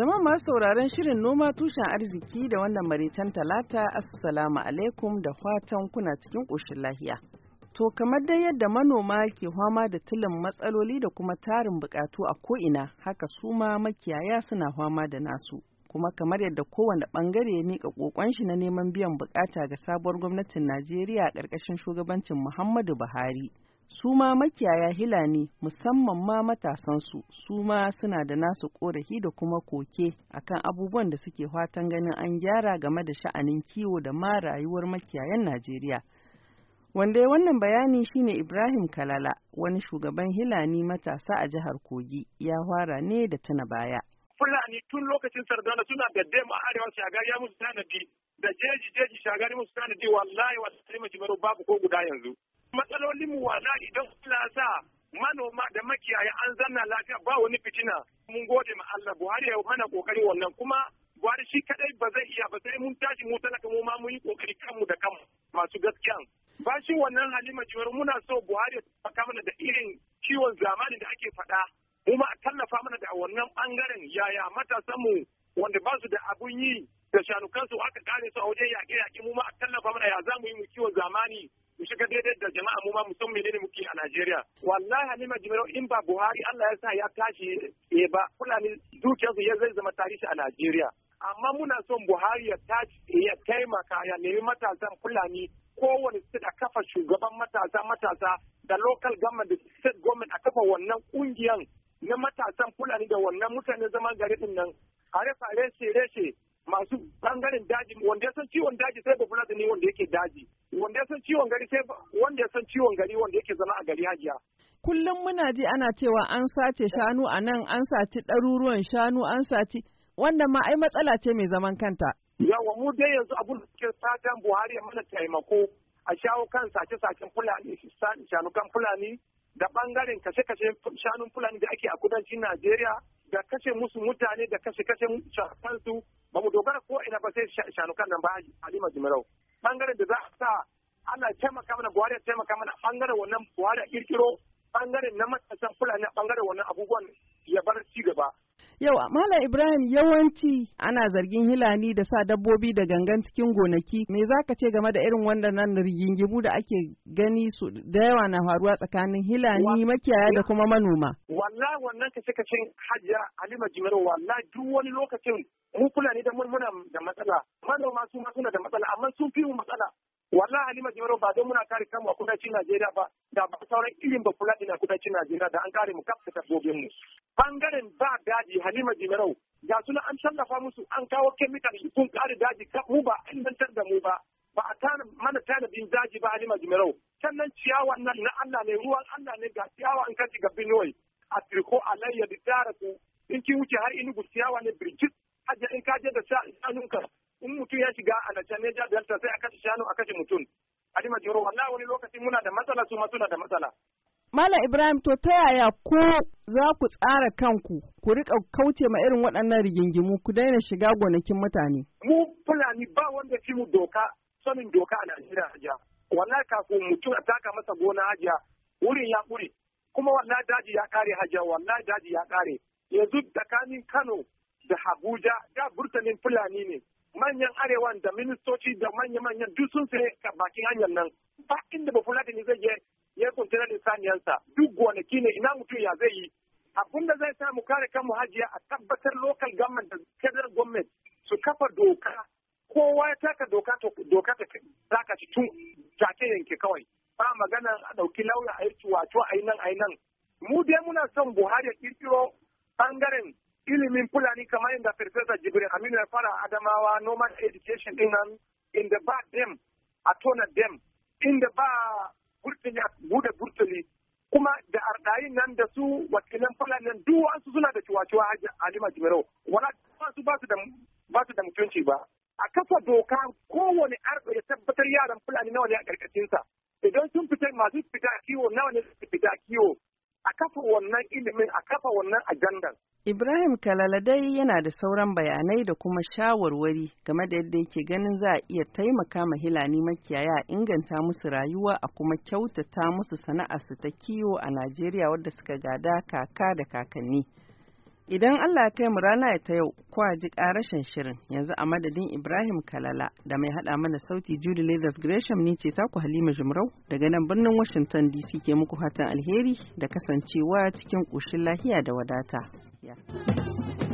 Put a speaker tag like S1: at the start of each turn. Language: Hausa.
S1: Jama'a masu sauraron shirin noma tushen arziki da wannan maritan talata assalamu alaikum da fatan kuna cikin ƙoshin lahiya. To kamar dai yadda manoma ke fama da tilin matsaloli da kuma tarin bukatu a ko'ina haka su ma makiyaya suna fama da nasu. Kuma kamar yadda kowane bangare ya mika kokon shi na neman biyan bukata ga sabuwar gwamnatin Najeriya a ƙarƙashin shugabancin Muhammadu Buhari. su ma makiyaya ne musamman ma matasansu su ma suna da nasu korafi da kuma koke akan abubuwan da suke fatan ganin an gyara game da sha'anin kiwo da ma rayuwar makiyayan Najeriya. Wanda wannan bayani shine Ibrahim Kalala wani shugaban Hilani matasa a jihar Kogi ya fara ne da tuna baya.
S2: Fulani tun lokacin Sardana suna da dema arewa shagari ya musu tanadi da jeji jeji shagari musu tanadi wallahi wasu babu ko guda yanzu. matsalolin mu wala idan kula sa manoma da makiyaya an zanna lafiya ba wani fitina mun gode ma Allah Buhari ya mana kokari wannan kuma Buhari shi kadai ba zai iya ba sai mun tashi mu talaka mu ma mun yi kokari kanmu da kanmu masu gaskiya. ba shi wannan Halima Jiwar muna so Buhari ya taimaka mana da irin ciwon zamani da ake faɗa mu ma tallafa mana da wannan bangaren yaya matasanmu wanda ba su da abun yi da shanukansu aka kare su a wajen yaƙe-yaƙe mu ma tallafa mana ya za mu yi mu kiwon zamani shiga daidai da jama'a mu ma mu san menene muke a Najeriya wallahi Halima Jimiro in ba Buhari Allah ya sa ya tashi eh ba Fulani dukiyarsu ya zai zama tarihi a Najeriya amma muna son Buhari ya tashi ya taimaka ya nemi matasan Fulani kowane su da kafa shugaban matasa matasa da local government da state government a kafa wannan kungiyan na matasan Fulani da wannan mutane zaman gari nan are rufe reshe reshe ciwon gari sai wanda ya san ciwon gari wanda yake zama a gari hajiya.
S1: Kullum muna ji ana cewa an sace shanu a nan an saci ɗaruruwan shanu an sace wanda ma ai matsala ce mai zaman kanta.
S2: Yawa mu dai yanzu abun da suke satan Buhari ya mana taimako a shawo kan sace-sacen Fulani shanukan Fulani da bangaren kashe-kashe shanun Fulani da ake a kudancin Najeriya da kashe musu mutane da kashe-kashe shanukansu ba mu dogara ko ina ba sai shanukan nan ba Halima Jimarau. Bangaren da za taimaka mana Buhari ya taimaka mana bangaren wannan Buhari a kirkiro bangaren na matasan Fulani a bangaren wannan abubuwan ya bar ci gaba.
S1: Yau, Malam Ibrahim yawanci ana zargin Hilani da sa dabbobi da gangan cikin gonaki. Me za ka ce game da irin wanda nan rigingimu da ake gani su da yawa na faruwa tsakanin Hilani makiyaya da kuma manoma?
S2: Wallahi wannan ka cika cin Hajiya Halima Jimiro wallahi duk wani lokacin mu Fulani da murmuna da matsala, manoma su ma suna da matsala, amma sun fi mu matsala. wallahi halima jimaro ba don muna kare kanmu a kudancin najeriya ba da ba sauran irin ba kula ina kudancin najeriya da an kare mu kafta dabbobin mu bangaren ba daji halima jimaro ga suna an tallafa musu an kawo kemikal sun kare daji mu ba dantar da mu ba ba a tana mana bin daji ba halima jimaro sannan ciyawa nan na allah ne ruwan allah ne ga ciyawa an kaci ga binuwai a tirko alayya da tara in ki wuce har inugu ciyawa ne birjit hajja in kaje da shanunka in mutum ya shiga a nace Niger Delta sai a kashe shanu a kashe mutum. Halima Jiro wannan wani lokaci muna da matsala su ma suna da matsala.
S1: Malam Ibrahim to ta yaya ko za ku tsara kanku ku riƙa kauce ma irin waɗannan rigingimu ku daina shiga gonakin mutane. Mu
S2: Fulani ba wanda fi mu doka sanin doka a Najeriya hajiya. Wallahi kafin mutum a taka masa gona hajiya wurin ya ƙure kuma wallahi daji ya ƙare hajiya wallahi daji ya ƙare. Yanzu tsakanin Kano da Abuja da burtanin Fulani ne manyan arewan da ministoci da manya-manyan duk sun sai ka bakin hanyar nan ba inda ba ni zai je ya da lissaniyansa duk gonaki ne ina mutum ya zai yi abin da zai samu kare kan hajiya a tabbatar lokal government da federal government su kafa doka kowa ya taka doka doka ta taka ci tun take yanke kawai ba magana a ɗauki lauya a yi wato a yi nan a yi nan mu dai muna son buhari ya kirkiro bangaren ilimin fulani kamar yadda Farfesa Jibril Aminu ya fara Adamawa Normal Education din in inda ba dem a tona dem inda ba burtuli bude burtuli kuma da ardayi nan da su wakilan fulani nan duk wasu suna da ciwaciwa Halima Jimarau wala su ba su da ba su da mutunci ba a kafa doka kowane arzo ya tabbatar yaran fulani nawa ne a karkashinsa idan sun fita masu fita kiwo nawa ne su fita kiwo kafa wannan ilimin a kafa wannan ajandar.
S1: Ibrahim Kalaladai yana da sauran bayanai da kuma shawarwari game da yadda yake ganin za a iya taimaka ma Hilani makiyaya a inganta musu rayuwa a kuma kyautata musu su ta kiwo a Najeriya wadda suka gada kaka da kakanni. Idan Allah ya kai mu rana ya ta yau, kwa ji karashin shirin yanzu a madadin Ibrahim Kalala da mai haɗa mana sauti Judy Leathers Gresham ne ce taku Halima Jumrau daga nan birnin Washington DC ke muku fatan alheri da kasancewa cikin ƙoshin lahiya da wadata. Yeah.